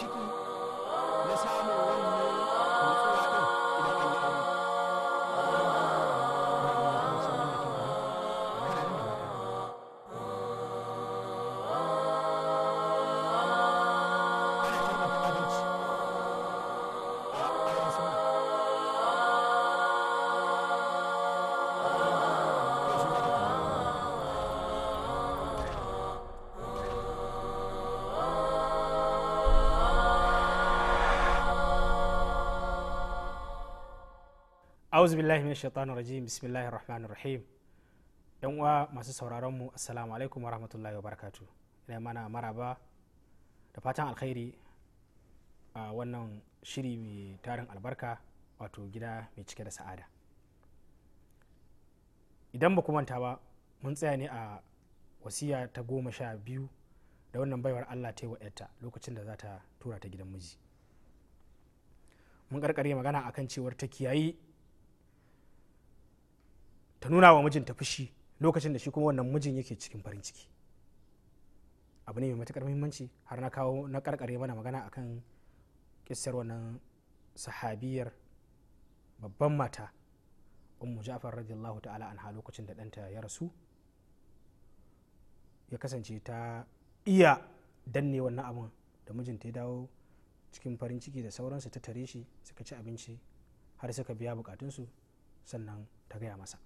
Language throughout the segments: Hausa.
마시고 auzu billahi min shaitanir rajim bismillahir rahmanir rahim yan uwa masu sauraron mu assalamu alaikum wa rahmatullahi wa barakatu ina mana maraba da fatan alkhairi a wannan shiri mai tarin albarka wato gida mai cike da sa'ada idan ba manta ba mun tsaya ne a wasiya ta goma sha biyu da wannan baiwar allah ta yi wa lokacin da za ta tura ta gidan miji mun karkare magana akan cewar ta kiyayi ta nuna wa mijinta fushi lokacin da shi kuma wannan mijin yake cikin farin ciki abu ne mai matukar muhimmanci har na kawo na karkare mana magana akan kissar wannan sahabiyar babban mata ummu ja'far radiyallahu ta'ala anha lokacin da ɗanta ya rasu ya kasance ta iya danne wannan abun da mijinta ya dawo cikin farin ciki da sauransu ta tare shi suka ci abinci har suka biya bukatunsu sannan ta gaya masa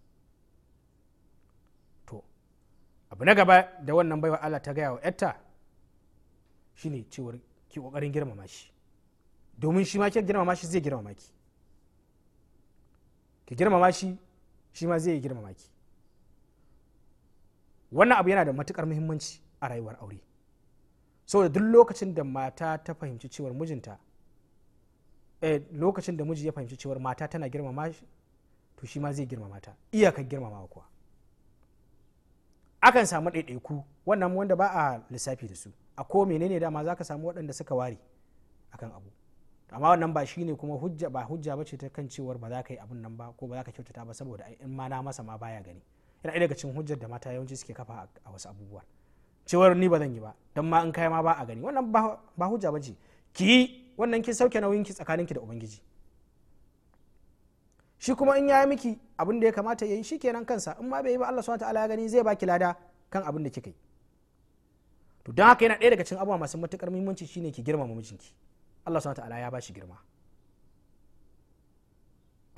abu na gaba da wannan baiwa allah ta gaya wa yatta shine cewar ki kokarin girmama shi domin shi ma ki girmama shi zai girmama ki ki girmama shi shi ma zai girmama ki wannan abu yana da matukar muhimmanci a rayuwar aure saboda duk lokacin da mata ta fahimci cewar mijinta eh, lokacin da miji ya fahimci cewar mata tana girmama shi to shi ma zai girmama ta iyakar girmamawa kuwa akan samu ɗaiɗaiku wannan wanda ba a lissafi da su a ko menene dama za ka samu waɗanda suka ware akan abu amma wannan ba shi ne kuma hujja ba hujja ba ce ta kan cewar ba za ka yi abun nan ba ko ba za ka kyautata ba saboda in ma na masa ma baya gani yana daga cikin hujjar da mata yawanci suke kafa a wasu abubuwa cewar ni ba zan yi ba don ma in kai ma ba a gani wannan ba hujja ba ce ki wannan kin sauke nauyin ki tsakanin ki da ubangiji shi kuma in yayi miki abin da ya kamata yayi shikenan kansa in ma bai yi ba Allah subhanahu wataala ya gani zai baki lada kan abin da kika yi to don haka yana ɗaya daga cikin abubuwa masu matukar muhimmanci shine ki girmama mijinki Allah subhanahu wataala ya bashi girma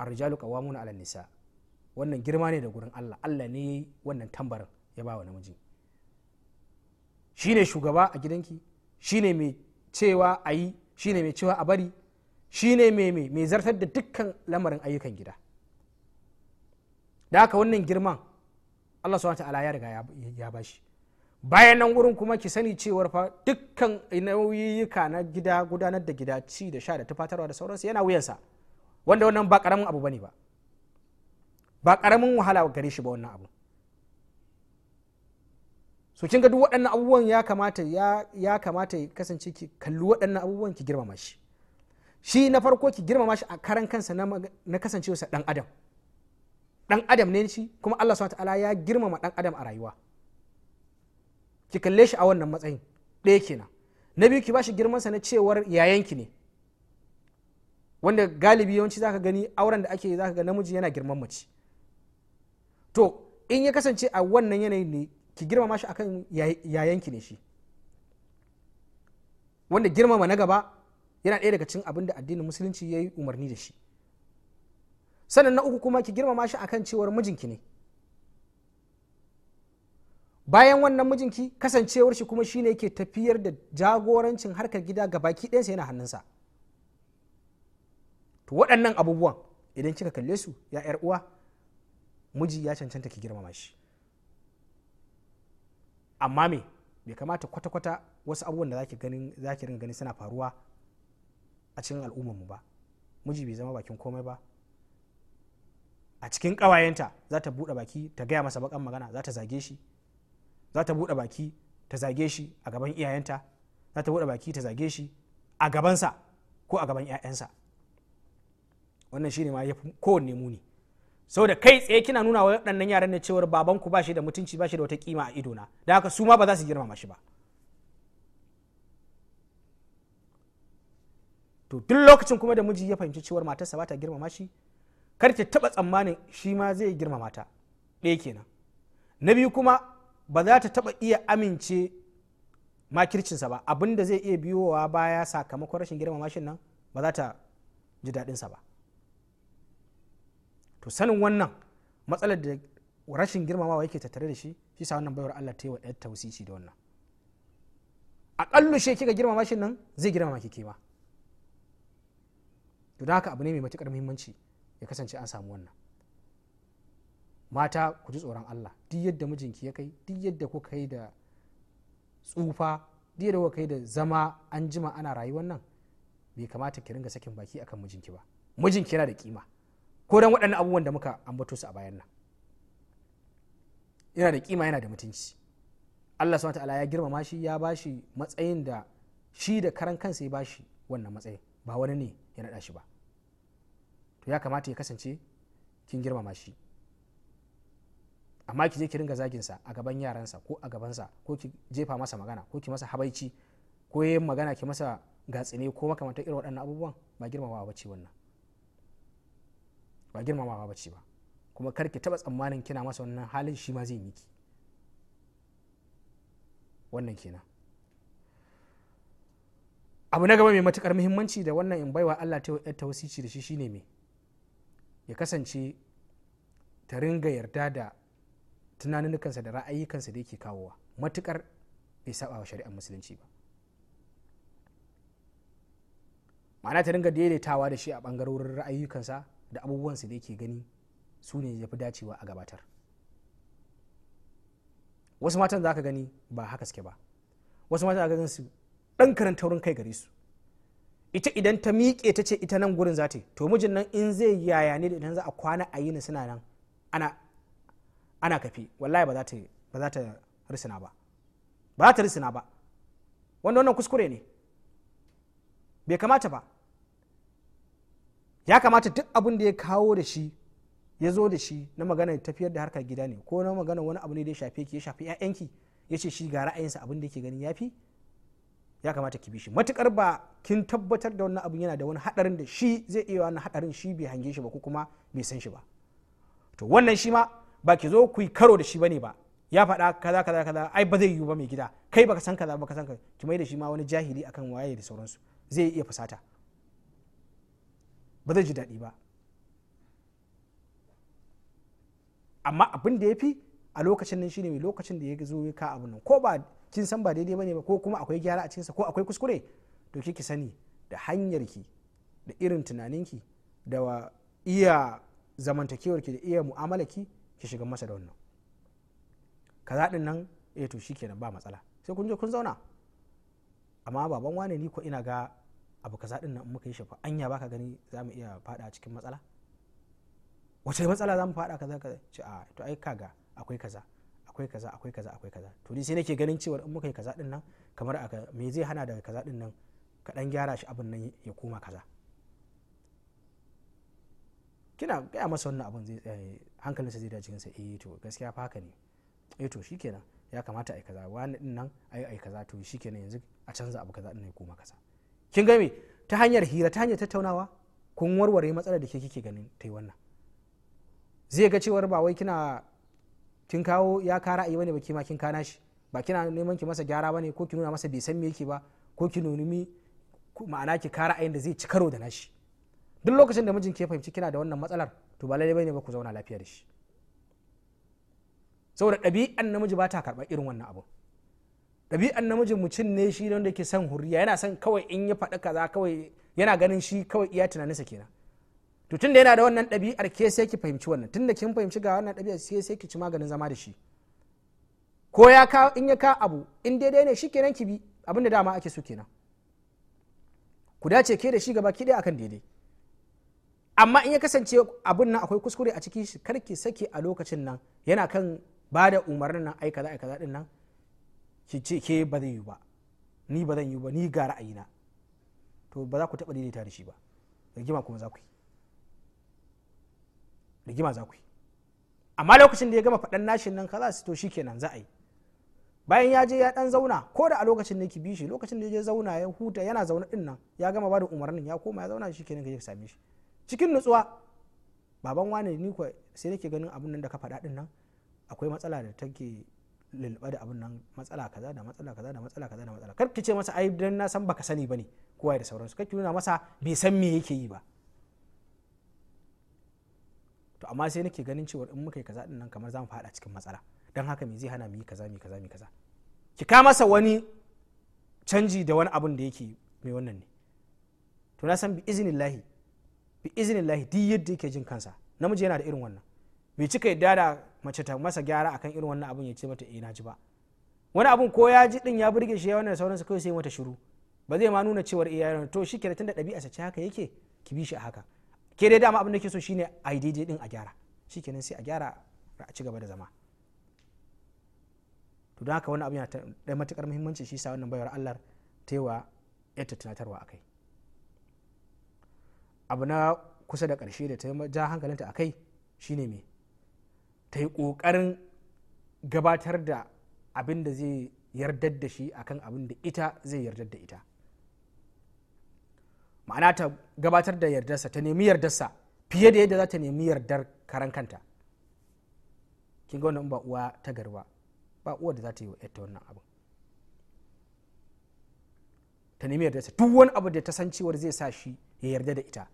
ar-rijalu qawwamuna 'ala nisa wannan girma ne da gurin Allah Allah ne wannan tambarin ya ba wa namiji shine shugaba a gidanki shine mai cewa a yi shine mai cewa a bari shine mai mai zartar da dukkan lamarin ayyukan gida da haka wannan girman Allah subhanahu ta'ala ya riga ya bashi bayan nan wurin kuma ki sani cewar fa dukkan nauyiyuka na gida gudanar da gida ci da sha da tufatarwa da sauransu yana wuyansa wanda wannan ba karamin abu bane ba ba karamin wahala gare shi ba wannan abu so kin ga duk waɗannan abubuwan ya kamata ya kamata kasance ki kalli waɗannan abubuwan ki girmama shi shi na farko ki girmama shi a karan kansa na kasancewarsa dan adam dan adam ne shi kuma Allah subhanahu ya girmama dan adam a rayuwa ki kalle shi a wannan matsayin ɗaya kenan na biyu ki shi girman sa na cewar yayanki ne wanda galibi yawanci zaka gani auren da ake zaka ga namiji yana girman mace to in ya kasance a wannan yanayin ne ki girmama shi akan yayanki ne shi wanda girmama na gaba yana ɗaya daga cikin abinda da addinin musulunci ya yi umarni da shi sannan na uku kuma ki girmama shi akan cewar mijinki ne bayan wannan mijinki kasancewar shi kuma shine yake tafiyar da jagorancin harkar gida ga baki ɗansa yana hannunsa to waɗannan abubuwan idan kika kalle su ya yar uwa miji ya cancanta ki girmama shi amma me bai kamata kwata-kwata wasu abubuwan da za ki ringa suna faruwa a cikin al'ummarmu ba miji bai zama bakin komai ba a cikin kawayenta za ta buɗe baki ta gaya masa bakan magana za ta zage shi za ta buɗe baki ta zage shi a gaban iyayenta za ta buɗe baki ta zage shi a gabansa ko a gaban 'ya'yansa wannan shine ma yafi kowanne muni saboda kai tsaye kina nuna wa waɗannan yaran ne cewar babanku ba shi da mutunci ba shi da wata kima a idona da haka su ma ba za su girmama shi ba to duk lokacin kuma da miji ya fahimci cewar matarsa ba ta girmama shi kar ki taba tsammanin shi ma zai girmama ta ɗaya kenan na biyu kuma ba za ta taba iya amince makircinsa ba abin da zai iya biyowa baya sakamakon rashin girmama shi nan ba za ta ji daɗinsa ba to sanin wannan matsalar da rashin girmamawa yake tattare da shi shi sa wannan baiwar Allah ta yi wa ɗan tausisi da wannan aƙallu shi kika girmama shi nan zai girmama ki kewa. to haka abu ne mai matukar muhimmanci ya kasance an samu wannan mata ku ji tsoron Allah duk yadda mijinki ya kai duk yadda kuka kai da tsufa duk yadda kuka kai da zama an jima ana rayuwar nan bai kamata ki ringa sakin baki akan mijinki ba mijinki yana da kima ko dan waɗannan abubuwan da muka ambato su a bayan nan yana da kima yana da mutunci Allah subhanahu ya girmama shi ya bashi matsayin da shi da karan kansa ya bashi wannan matsayin ba wani ne ya naɗa shi ba to ya kamata ya kasance kin girmama shi amma ki je ki ringa zaginsa a gaban yaransa ko a gabansa ko ki jefa masa magana ko ki masa habaici ko yin magana ki masa gatsine ko makamantar irin waɗannan abubuwan ba girmamawa ba ce wannan ba girmamawa ba ce ba kuma kar ki taɓa tsammanin kina masa wannan halin shi ma zai miki wannan kenan abu na gaba mai matukar muhimmanci da wannan in baiwa allah ta wasici da shi shine me ya kasance ta ringa yarda da tunaninukansa da ra'ayikansa da yake kawowa matukar bai saba wa shari'ar musulunci ba ma'ana ta ringa daidaitawa da shi a bangarorin ra'ayikansa da abubuwansa da yake gani su ne ya fi dacewa a gabatar wasu matan za ka gani ba haka suke ba wasu matan za ka gani su ɗan karanta wurin kai gare su ita idan ta miƙe ta ce ita nan gurin za ta to mijin nan in zai yaya ne da idan za a kwana a yi ni suna nan ana ana kafi wallahi ba za ta ba risina ba ba za ta risina ba wanda wannan kuskure ne bai kamata ba ya kamata duk abin da ya kawo da shi ya zo da shi na magana tafiyar da harkar gida ne ko na magana wani abu ne da ya shafe ki ya shafi 'ya'yanki ya ce shi ga ra'ayinsa abin da yake ganin ya fi ya kamata ki bi shi matukar ba kin tabbatar da wannan abin yana da wani hadarin da shi zai iya wani hadarin shi bai hange shi ba ko kuma bai san shi ba to wannan shi ma ba ki zo ku yi karo da shi bane ba ya faɗa kaza kaza kaza ai ba zai yiwu ba mai gida kai baka san kaza baka san kaza ki mai da shi ma wani jahili akan waye da sauransu zai iya fusata ba zai ji daɗi ba amma abin da ya fi a lokacin nan shine mai lokacin da ya zo ya ka abin nan ko ba kin san ba daidai bane ba ko kuma akwai gyara a cikinsa ko akwai kuskure to ki sani da hanyar ki da irin ki da wa iya ki da iya mu'amala ki shiga masa da wannan kaza din nan eh to shikenan ba matsala sai kun je kun zauna amma baban wane ni ko ina ga abu kaza din nan muka yi shafa anya baka gani za mu iya fada cikin matsala wace matsala za mu fada kaza kaza ce a to ai kaga akwai kaza akwai kaza akwai kaza akwai kaza to ni sai nake ganin cewa in muka yi kaza din nan kamar aka me zai hana daga kaza din nan ka dan gyara shi abin nan ya koma kaza kina gaya masa wannan abun zai eh, sa zai dace sa eh to gaskiya fa haka ne eh to shikenan ya kamata a yi kaza wani din nan a yi kaza to shikenan yanzu a canza abu kaza din ya koma kaza kin ga me ta hanyar hira ta hanyar tattaunawa kun warware matsalar da ke kike ganin ta yi wannan zai ga cewar ba wai kina kin kawo ya kara ayi bane baki ma kin kana shi ba kina neman ki masa gyara bane ko ki nuna masa bai san me yake ba ko ki nunumi ma'ana ki kara ayin da zai ci karo da nashi duk lokacin da mijin ke fahimci kina da wannan matsalar to ba lalle bane ba ku zauna lafiya da shi saboda ɗabi'an namiji ba ta karɓar irin wannan abu ɗabi'an namiji mutum ne shi wanda yake son huriya yana son kawai in ya faɗi kaza kawai yana ganin shi kawai iya tunaninsa kenan to tunda yana da wannan ɗabi'ar ke sai ki fahimci wannan tunda kin fahimci ga wannan ɗabi'ar sai sai ki ci maganin zama da shi ko ya ka in ya ka abu in daidai ne shi kenan ki bi abin da dama ake so kenan ku dace ke da shi gaba ki dai akan daidai amma in ya kasance abun nan akwai kuskure a ciki shi karki sake a lokacin nan yana kan ba da umarnin nan ai kaza ai kaza din nan ki ce ke ba zai yi ba ni ba zan yi ba ni ga ra'ayina to ba za ku taɓa daidaita da shi ba rigima kuma za ku yi rigima za ku yi amma lokacin da ya gama faɗan nashin nan kaza to kenan za a yi bayan ya je ya ɗan zauna ko da a lokacin da ki bi shi lokacin da ya je zauna ya huta yana zaune ɗin nan ya gama bada umarnin ya koma ya zauna shikenan ka je ka same shi cikin nutsuwa baban wane ni ko sai nake ganin abun nan da ka faɗa ɗin nan akwai matsala da take lulluɓa da abun nan matsala kaza da matsala kaza da matsala kaza da matsala kar ki ce masa ai dan na san baka sani bane kowa da sauransu kar ki nuna masa bai san me yake yi ba to amma sai nake ganin cewa in muka yi kaza din nan kamar za mu faɗa cikin matsala don haka me zai hana mu yi kaza mu kaza mu kaza ki ka masa wani canji da wani abun da yake mai wannan ne to na san bi iznillahi bi iznillahi duk yadda yake jin kansa namiji yana da irin wannan bai cika yadda da mace ta masa gyara akan irin wannan abun ya ce mata eh na ji ba wani abun ko ya ji din ya burge shi ya wannan sauransu kai sai mata shiru ba zai ma nuna cewar eh to shi kenan tunda ɗabi'a sace haka yake ki bi shi a haka ke dai dama abin da ke so shine a yi daidai din a gyara kenan sai a gyara a ci gaba da zama to don haka wani abu yana da matukar muhimmanci shi sa wannan bayar Allah ta yi wa yadda tunatarwa akai abu na kusa da ƙarshe da ta ja hankalinta akai shine me ta yi ƙoƙarin gabatar da abin da zai yardar da shi akan abin da ita zai yardar da ita ma'ana ta gabatar da yardarsa ta nemi yardarsa fiye da yadda za ta nemi yardar karan kanta kin ga wannan ba uwa ta garba ba uwa da za ta yi wa ta wannan abu ta nemi yardarsa duk wani abu da ta san cewar zai sa shi ya yarda da ita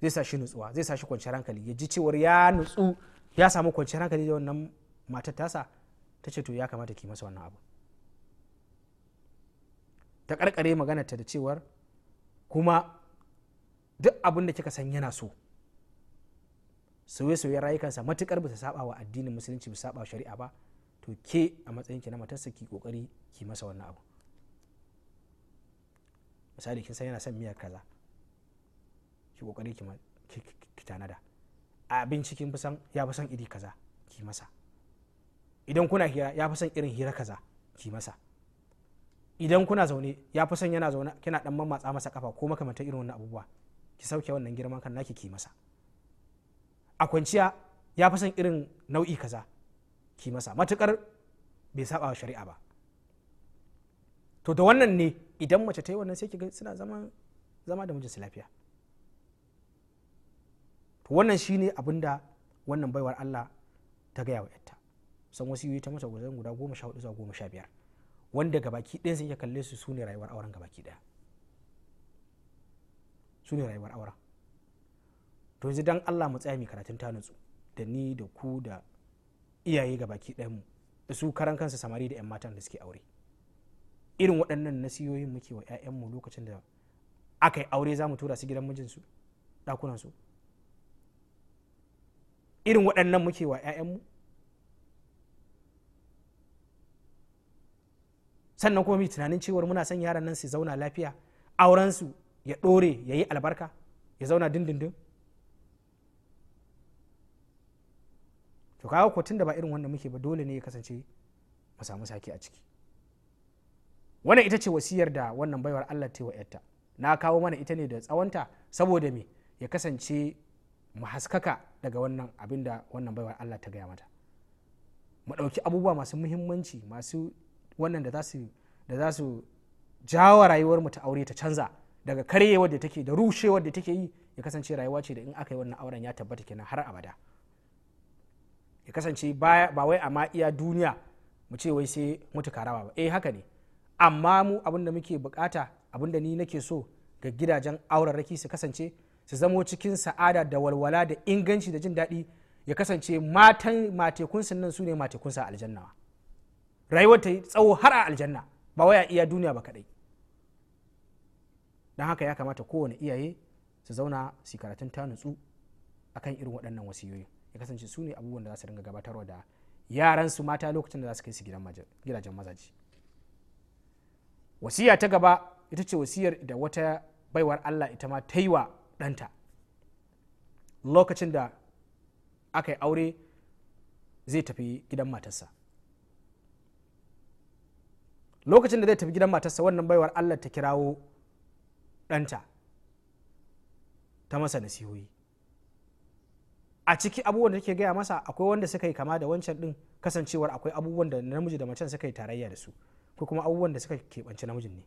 zai sa shi nutsuwa zai sa shi kwanciyar hankali ya ji cewar ya nutsu ya samu kwanciyar hankali da wannan matar tasa ta ce to ya kamata ki masa wannan abu ta karkare magana ta da cewar kuma duk abin da kika san yana so sauye-sauye rayukansa matukar ba su saba wa addinin musulunci ba saba shari'a ba to ke a matsayin ki na matarsa ki kokari ki masa wannan abu misali kin san yana son miyar kaza ki kokari ki tanada abinci kin fi san ya fi san iri kaza ki masa idan kuna hira ya fi san irin hira kaza ki masa idan kuna zaune ya fi son yana zaune kina dan mamatsa masa kafa ko makamantar irin wannan abubuwa ki sauke wannan girma kan naki ki masa a kwanciya ya fi son irin nau'i kaza ki masa matukar bai saba shari'a ba to da wannan ne idan mace ta yi wannan sai ki kiga suna zama zama da mijinsu lafiya to wannan shine abinda da wannan baiwar Allah ta gaya wa yatta san wasu yi ta mata guda goma sha hudu zuwa goma sha biyar wanda gabaki ɗaya sun iya kalle su su ne rayuwar auren gabaki ɗaya su ne rayuwar aura to yanzu dan allah mu tsaya mai karatun ta nutsu da ni da ku da iyaye ga baki mu da su karan kansu samari da 'yan matan da suke aure irin waɗannan nasiyoyin muke wa 'ya'yanmu lokacin da aka yi aure za mu tura su gidan mijinsu ɗakunansu irin waɗannan muke wa 'ya'yanmu sannan kuma mai tunanin cewar muna son yaran nan su zauna lafiya aurensu ya ɗore ya yi albarka ya zauna dindindin to kawo ko da ba irin wanda muke ba dole ne ya kasance mu samu sake a ciki wannan ita ce wasiyar da wannan baiwar allah ta wa yarta na kawo mana ita ne da tsawonta saboda me ya kasance mu haskaka daga wannan abin da wannan baiwar allah ta gaya mata mu ɗauki abubuwa masu muhimmanci masu wannan da za su jawo rayuwar mu ta aure ta canza daga karyewar da take da rushe da take yi ya kasance rayuwa ce da in aka yi wannan auren ya tabbata kenan har abada ya kasance ba wai amma iya duniya mu ce wai sai mutu karawa ba eh haka ne amma mu abin da muke bukata abin da ni nake so ga gidajen aurarraki su kasance su zamo cikin sa'ada da walwala da inganci da jin daɗi ya kasance matan sun nan su ne matekunsa aljanna rayuwar ta tsawo har a aljanna ba a iya duniya ba kadai. don haka ya kamata kowane iyaye su zauna su karatun ta nutsu akan irin waɗannan wasiyoyi ya kasance su ne abubuwan da za su ringa gabatarwa da yaran su mata lokacin da za su kai su gidajen mazaji wasiya ta gaba ita ce wasiyar da wata baiwar allah ita ma ta yi wa ɗanta lokacin da aka yi aure zai tafi gidan matarsa lokacin da zai tafi gidan matarsa wannan baiwar allah ta kirawo ɗanta ta masa nasihohi a ciki abubuwan da take gaya masa akwai wanda suka yi kama da wancan ɗin kasancewar akwai abubuwan da namiji da macen suka yi tarayya da su ko kuma abubuwan da suka keɓance namijin ne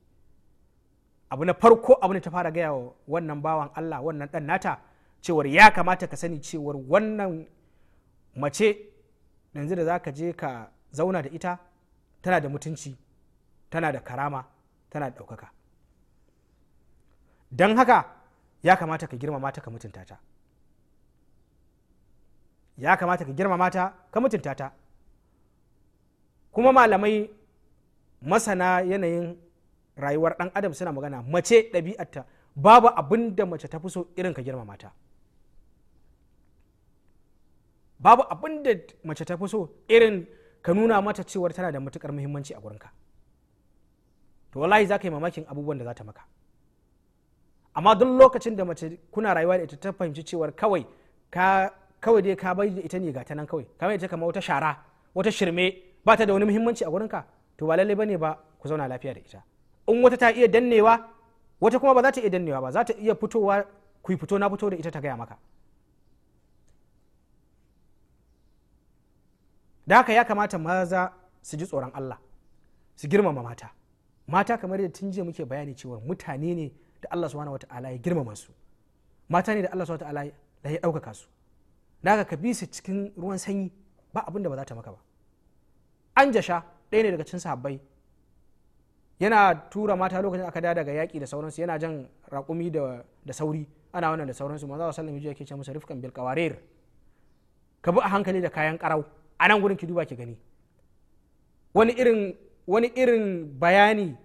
abu na farko abu ne ta fara gaya wa wannan bawan allah wannan ɗan nata cewar ya kamata ka sani cewar wannan mace yanzu da za ka je ka zauna da ita tana da mutunci tana da karama tana da ɗaukaka don haka ya kamata ka girma mata ka mutunta ta ya kamata ka girma mata ka mutunta ta kuma malamai masana yanayin rayuwar ɗan adam suna magana mace ɗabi'arta babu abin da mace ta fi so irin ka girma mata babu abin da mace ta fi so irin ka nuna mata cewar tana da matukar muhimmanci a gurinka to wallahi za ka yi mamakin abubuwan da za ta maka amma duk lokacin da mace kuna rayuwa da ita ta fahimci cewar kawai ka kawai dai ka bai da ita ne ga ta nan kawai kamar ita kamar wata shara wata shirme ba ta da wani muhimmanci a ka to ba lallai bane ba ku zauna lafiya da ita in wata ta iya dannewa wata kuma ba za ta iya dannewa ba za ta iya fitowa ku fito na fito da ita ta gaya maka da haka ya kamata maza su ji tsoron Allah su girmama mata mata kamar yadda tun jiya muke bayani cewa mutane ne da Allah subhanahu wata'ala ya girmama su mata ne da Allah subhanahu wata'ala ya ɗaukaka su Na ka bi su cikin ruwan sanyi ba abin da ba za ta maka ba an jasha ɗaya ne daga cin sahabbai yana tura mata lokacin aka da daga yaƙi da sauransu yana jan raƙumi da sauri ana wannan da sauransu manzo sallallahu alaihi wasallam yake ce musu rifkan bil qawarir ka bi a hankali da kayan karau a nan gurin ki duba ki gani wani irin bayani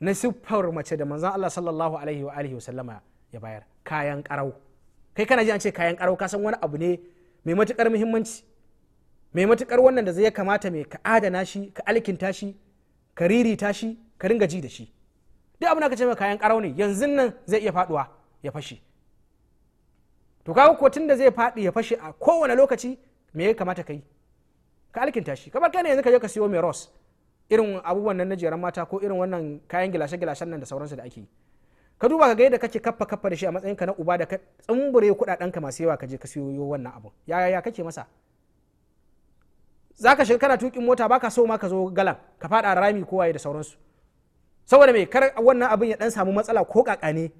na siffar mace da manzan Allah sallallahu alaihi wa alihi sallama ya bayar kayan karau kai kana ji an ce kayan karau kasan san wani abu ne mai matukar muhimmanci mai matukar wannan da zai kamata mai ka adana shi ka alkinta shi ka ririta shi ka ringa ji da shi duk abin da ka ce mai kayan karau ne yanzu nan zai iya faduwa ya fashe to kawo ko tun da zai fadi ya fashe a kowane lokaci me ya kamata ka yi ka alkinta shi kamar kai ne yanzu ka je ka siyo mai ros irin abubuwan nan na jeran mata ko irin wannan kayan gilashe-gilashen nan da sauransu da ake ka duba ka ga yadda kake kaffa kaffa da shi a matsayin ka na uba da ka tsumbure kudaden ka masu yawa ka je ka siyo wannan abu ya ya kake masa zaka shiga kana tukin mota baka so ma ka zo galan ka fada rami ko waye da sauransu saboda me kar wannan abin ya dan samu matsala ko kakane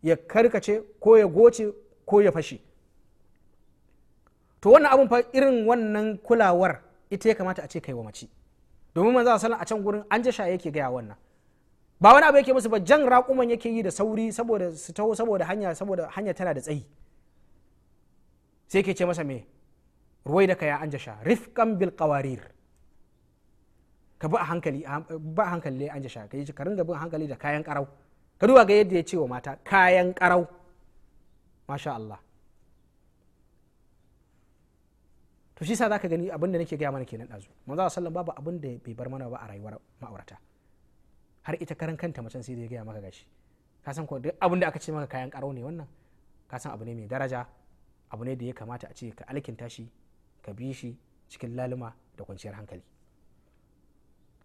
ya karkace ko ya goce ko ya fashe to wannan abun fa irin wannan kulawar ita ya kamata a ce kai wa mace domin manzo sallan a can gurin an jasha yake gaya wannan ba wani abu yake musu ba jan raƙuman yake yi da sauri saboda su taho saboda hanya saboda hanya tana da tsayi sai ke ce masa me ruwai da kaya an jasha rifkan bil qawarir ka bi a hankali ba hankali an jasha ka yi ka ringa bin hankali da kayan karau ka duba ga yadda ya ce wa mata kayan karau masha Allah to shi sa zaka gani abin da nake gaya mana kenan dazu manzo sallan babu abin da bai bar mana ba a rayuwar ma'aurata har ita karan kanta macen sai da ya gaya maka gashi ka san ko duk abin da aka ce maka kayan karo ne wannan ka san abu ne mai daraja abu ne da ya kamata a ce ka alkinta shi ka bi shi cikin laluma da kwanciyar hankali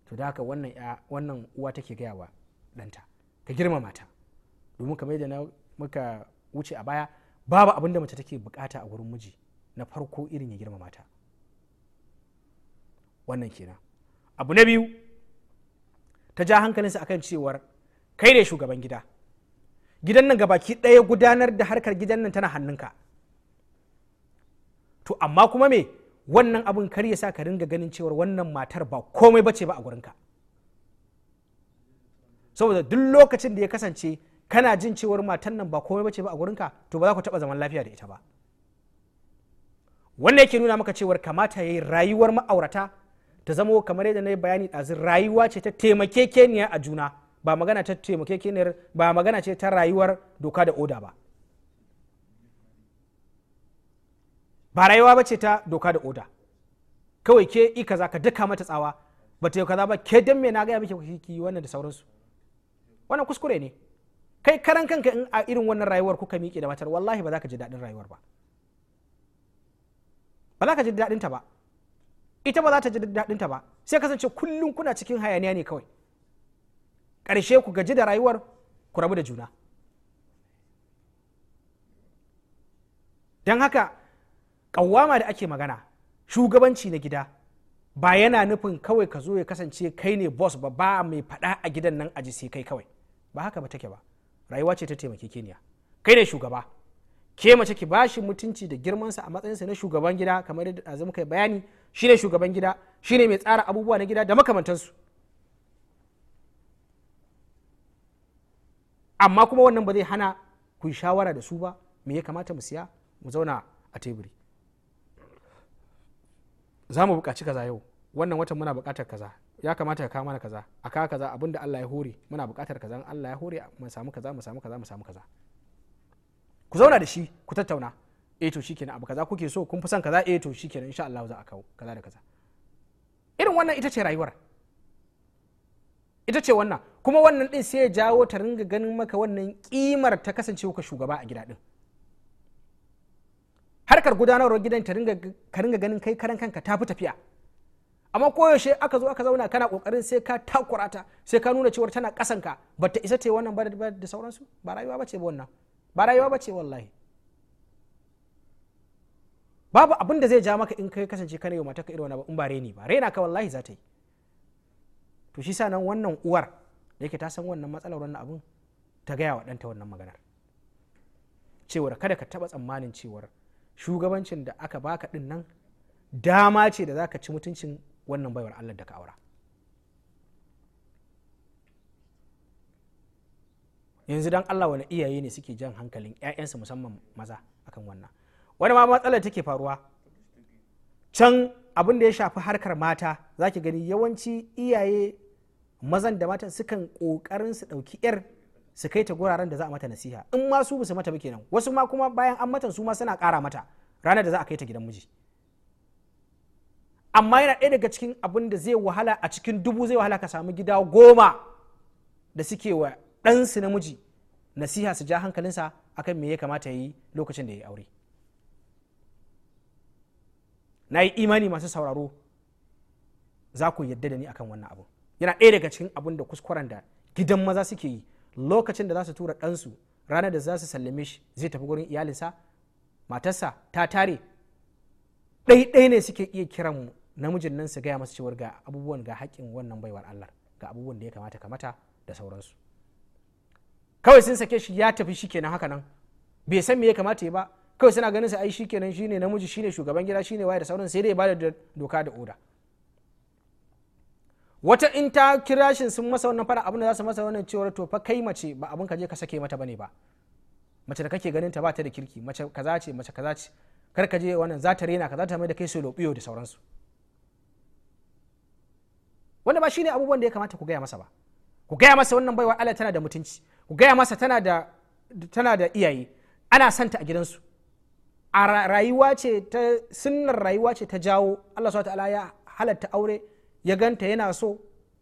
to da haka wannan wannan uwa take gaya wa danta ka girmama ta domin kamar yadda na muka wuce a baya babu abin da mace take bukata a gurin miji na farko irin ya girmama ta wannan kenan abu na biyu ta ja hankalinsa akan cewar kai ne shugaban gida gidan nan gabaki ɗaya gudanar da harkar gidan nan tana hannunka to amma kuma me wannan abin kar ya sa ka ringa ganin cewar wannan matar ba komai bace ba a gurinka saboda duk lokacin da ya kasance kana jin cewar matar nan ba komai bace ba a gurinka to ba za ku taba zaman lafiya da ita ba wannan yake nuna maka cewar kamata ya yi rayuwar ma'aurata ta zamo kamar yadda na yi bayani ɗazu rayuwa ce ta taimakekeniya a juna ba magana ta taimakekeniyar ba magana ce ta rayuwar doka da oda ba ba rayuwa ba ce ta doka da oda kawai ke ika za ka duka mata tsawa ba ta yi kaza ba ke dan me na gaya miki ki wannan da sauransu wannan kuskure ne kai karan kanka in a irin wannan rayuwar kuka miƙe da matar wallahi ba za ka ji daɗin rayuwar ba ba za ka ji daɗinta ba ita ba za ta ji daɗinta ba sai kasance kullum kuna cikin hayaniya ne kawai ƙarshe ku gaji da rayuwar ku rabu da juna don haka ƙawama da ake magana shugabanci na gida ba yana nufin kawai ka zo ya kasance kai ne boss ba ba mai faɗa a gidan nan aji sai kai kawai ba haka ba take ba rayuwa ce ta keniya kai ne shugaba ke mace ki bashi mutunci da girmansa a matsayinsa na shugaban gida kamar yadda azumi kai bayani shine shugaban gida shine mai tsara abubuwa na gida da makamantansu amma kuma wannan ba zai hana ku shawara da su ba me ya kamata mu siya mu zauna a teburi za mu buƙaci kaza yau wannan watan muna buƙatar kaza ya kamata ka kama mana kaza a kawo kaza abinda Allah ya hore muna buƙatar kaza Allah ya hore mu samu kaza mu samu kaza mu samu kaza ku zauna da shi ku tattauna eh to shikenan abu kaza kuke so kun fi son kaza eh to shikenan insha Allah za a kawo kaza da kaza irin wannan ita ce rayuwar ita ce wannan kuma wannan din sai ya jawo ta ringa ganin maka wannan kimar ta kasance ka shugaba a gida din harkar gudanarwar gidan ta ringa ka ringa ganin kai karan kanka ta fi tafiya amma koyaushe aka zo aka zauna kana kokarin sai ka takurata sai ka nuna cewar tana kasanka bata isa ta yi wannan ba da sauransu ba rayuwa ba ce ba wannan ba rayuwa ba ce wallahi babu abin da zai ja maka in kai kasance kana yi mata ka irin wani in ba reni ba rena ka wallahi za ta yi to shi sanan wannan uwar da yake ta san wannan matsalar wannan abun ta gaya wa ɗanta wannan maganar cewar kada ka taɓa tsammanin cewar shugabancin da aka baka ɗin nan dama ce da za ka ci mutuncin wannan baiwar allah da ka aura yanzu dan Allah wani iyaye ne suke jan hankalin 'ya'yansu musamman maza akan wannan wani ma matsalar take faruwa can abin da ya shafi harkar mata zaki gani yawanci iyaye mazan da matan sukan kokarin su ɗauki 'yar su kai ta guraren da za a mata nasiha in ma su basu mata ba kenan wasu ma kuma bayan an matan su ma suna kara mata ranar da za a kai ta gidan miji amma yana ɗaya daga cikin abin da zai wahala a cikin dubu zai wahala ka samu gida goma da suke wa ɗansu namiji nasiha su ja hankalinsa akan me ya kamata ya yi lokacin da ya yi aure na yi imani masu sauraro za ku yadda da ni akan wannan abu yana ɗaya daga cikin abun da kuskuren da gidan maza suke yi lokacin da za su tura ɗansu ranar da za su sallame shi zai tafi gurin iyalinsa matarsa ta tare ɗaiɗai ne suke iya kiran namijin nan su gaya masa cewar ga abubuwan ga haƙƙin wannan baiwar allah ga abubuwan da ya kamata kamata da sauransu kawai sun sake shi ya tafi shikenan haka nan bai san me ya kamata ya ba kawai suna ganin sai ai shikenan shine namiji shine shugaban gida shine waye da sauran sai dai ba da doka da oda wata in ta kira shi sun masa wannan fara abin da za su masa wannan cewar to fa kai mace ba abin ka je ka sake mata bane ba mace da kake ganin ta ba ta da kirki mace kaza ce mace kaza ce kar ka je wannan za ta rena ka za ta mai da kai su biyo da sauransu wanda ba shine abubuwan da ya kamata ku gaya masa ba ku gaya masa wannan baiwa Allah tana da mutunci ku gaya masa tana da iyaye ana santa a gidansu a rayuwa ce ta sunnar rayuwa ce ta jawo Allah subhanahu ta'ala ya halatta aure ya ganta yana so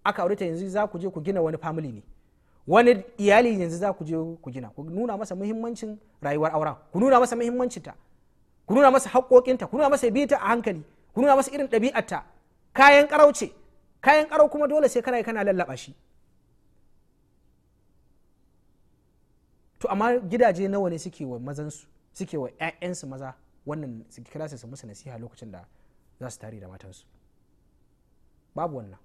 aka aure ta yanzu za ku je ku gina wani family ne wani iyali yanzu za ku je ku gina ku nuna masa muhimmancin rayuwar auren ku nuna masa muhimmancin ta ku nuna masa haƙoƙinta ku nuna masa bita a hankali ku nuna masa irin ɗabi'arta kayan ƙarau ce kayan ƙarau kuma dole sai kana kana lallaɓa shi to amma gidaje nawa ne suke wa mazan su suke wa 'ya'yansu maza wannan su kira su musu nasiha lokacin da za su tare da matansu babu wannan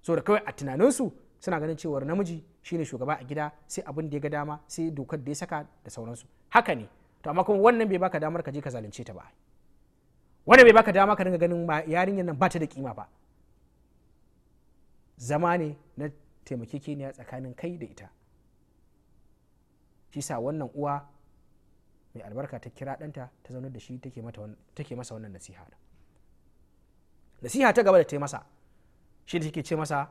so da kawai a tunaninsu suna ganin cewa namiji shine shugaba a gida sai abin da ya ga dama sai dokar da ya saka da sauransu haka ne to amma kuma wannan bai baka damar ka je ka zalunce ta ba wannan bai baka dama ka dinga ganin yarinyar nan ba ta da kima ba zama ne na taimakekeniya tsakanin kai da ita shi sa wannan uwa mai albarka ta kira ɗanta ta zaunar da shi take masa wannan nasiha nasiha ta gaba da ta masa shi da take ce masa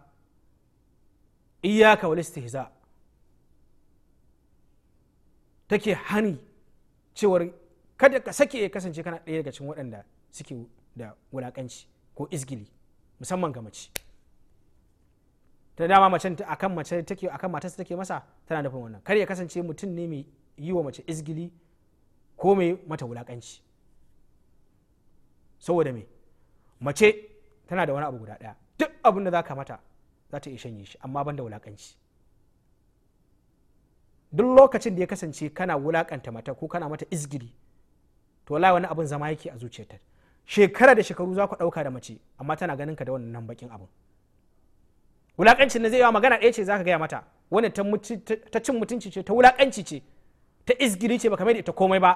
iyaka wal istihza take hani cewar kada ka sake ya kasance kana ɗaya daga cikin waɗanda suke da wulaƙanci ko izgili musamman ga mace ta dama macen akan mace take akan matarsa take masa tana nufin wannan kar ya kasance mutum ne mai yi wa mace izgili ko mai mata wulakanci saboda me mace tana da wani abu guda daya duk abin da za ka mata za ta iya shanye shi amma ban da wulakanci duk lokacin da ya kasance kana wulakanta mata ko kana mata izgili to wallahi wani abin zama yake a zuciyarta shekara da shekaru za ku ɗauka da mace amma tana ganin ka da wannan bakin abin wulakancin da zai wa magana ɗaya ce zaka gaya mata wani ta cin mutunci ce ta wulakanci ce ta izgiri ce baka mai da ita komai ba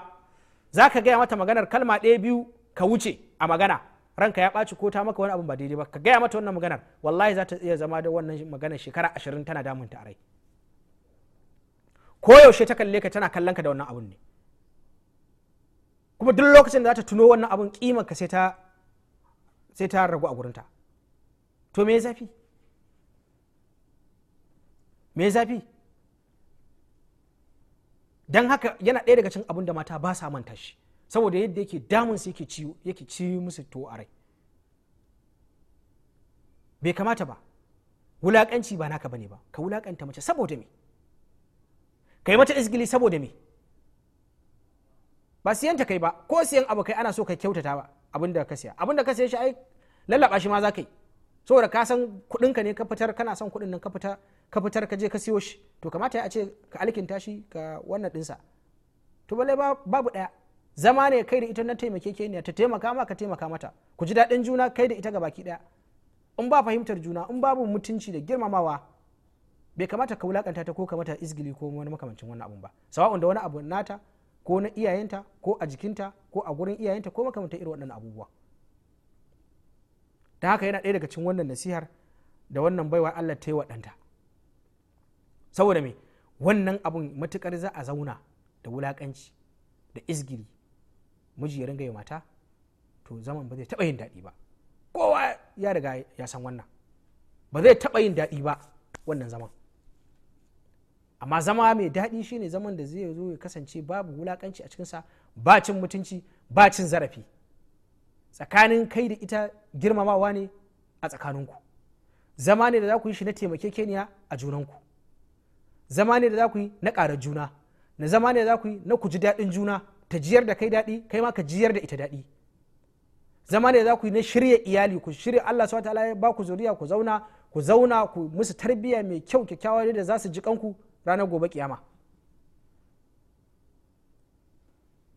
zaka gaya mata maganar kalma ɗaya biyu ka wuce a magana ranka ya ɓaci ko ta maka wani abin ba daidai ba ka gaya mata wannan maganar wallahi za ta iya zama da wannan maganar shekara ashirin tana damun ta a rai koyaushe ta kalle ka tana kallon ka da wannan abun ne kuma duk lokacin da za ta tuno wannan abun kimanka sai ta sai ta ragu a gurinta to me zafi me zafi don haka yana ɗaya daga cin abin da mata ba sa manta shi saboda yadda yake damun su yake ciwo yake ci musu to a rai bai kamata ba wulaƙanci ba naka bane ba ka wulaƙanta mace saboda me ka yi mata isgili saboda me ba siyan ta kai ba ko siyan abu kai ana so ka kyautata ba abin da ka siya abin da ka siya shi ai lallaba shi ma za ka yi saboda ka san kuɗinka ne ka fitar kana son kuɗin nan ka fitar ka fitar ka je ka siyo shi to kamata a ce ka alkinta shi ka wannan dinsa to balle babu daya zama ne kai da ita na taimake taimakekeniya ta taimaka ma ka taimaka mata ku ji daɗin juna kai da ita ga baki daya in ba fahimtar juna in babu mutunci da girmamawa bai kamata ka wulakanta ta ko ka mata izgili ko wani makamancin wani abun ba sawa'un da wani abu nata ko na iyayenta ko a jikinta ko a gurin iyayenta ko makamantar irin waɗannan abubuwa Ta haka yana ɗaya daga cikin wannan nasihar da wannan baiwa Allah ta yi waɗanta saboda me wannan abun matukar za a zauna da wulakanci da izgiri miji ya ringa yi mata to zaman ba zai taɓa yin daɗi ba kowa ya riga ya san wannan ba zai taɓa yin daɗi ba wannan zaman amma zama mai daɗi shine zaman da zai zo ya kasance babu wulakanci a cikinsa ba cin mutunci ba cin zarafi tsakanin kai da ita girmamawa ne a tsakaninku zama ne da za ku yi shi na taimakekeniya a junanku zama ne da za ku yi na ƙara juna na zama ne da za ku yi na ku ji daɗin juna ta jiyar da kai daɗi kai ma ka jiyar da ita daɗi zama ne da za ku yi na shirya iyali ku shirya Allah subhanahu ya ba ku zuriya ku zauna ku zauna ku musu tarbiyya mai kyau kyakkyawa da za su ji kanku ranar gobe kiyama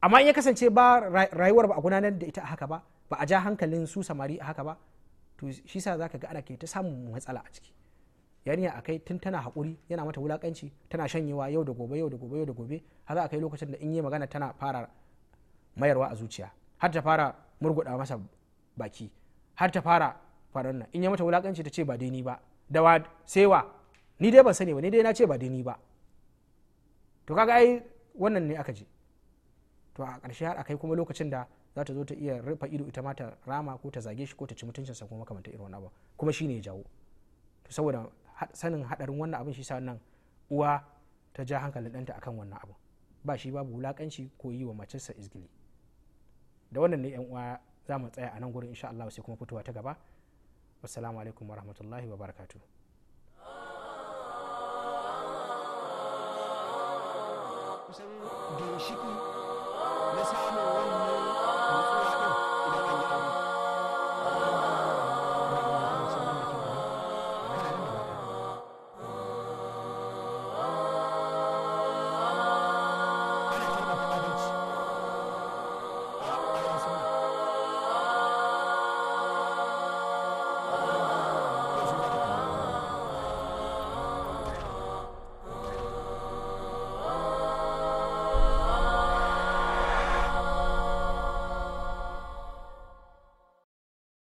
amma in ya kasance ba rayuwar ba a gudanar da ita a haka ba ba a ja hankalin su samari a haka ba to shi sa za ka ga ana ke ta samun matsala a ciki yarinya akai tun tana hakuri yana mata wulakanci tana shanyewa yau da gobe yau da gobe yau da gobe har a kai lokacin da in yi magana tana fara mayarwa a zuciya har ta fara murguda masa baki har ta fara faran nan in yi mata wulakanci ta ce ba dai ni ba da wa sewa ni dai ban sani ba ni dai na ce ba dai ni ba to kaga ai wannan ne aka je to a ƙarshe har akai kuma lokacin da za ta zo ta iya rufa ido ita ma ta rama ko ta zage shi ko ta ci mutuncinsa ko makamanta irin wannan ba kuma shine ya jawo saboda sanin hadarin wannan abin shi sa nan uwa ta ja hankalin ɗanta akan wannan abu ba shi babu wulakanci ko yi wa macensa izgili da wannan ne yan uwa za mu tsaya a nan gurin insha Allah sai kuma fitowa ta gaba assalamu alaikum warahmatullahi wabarakatuh kusan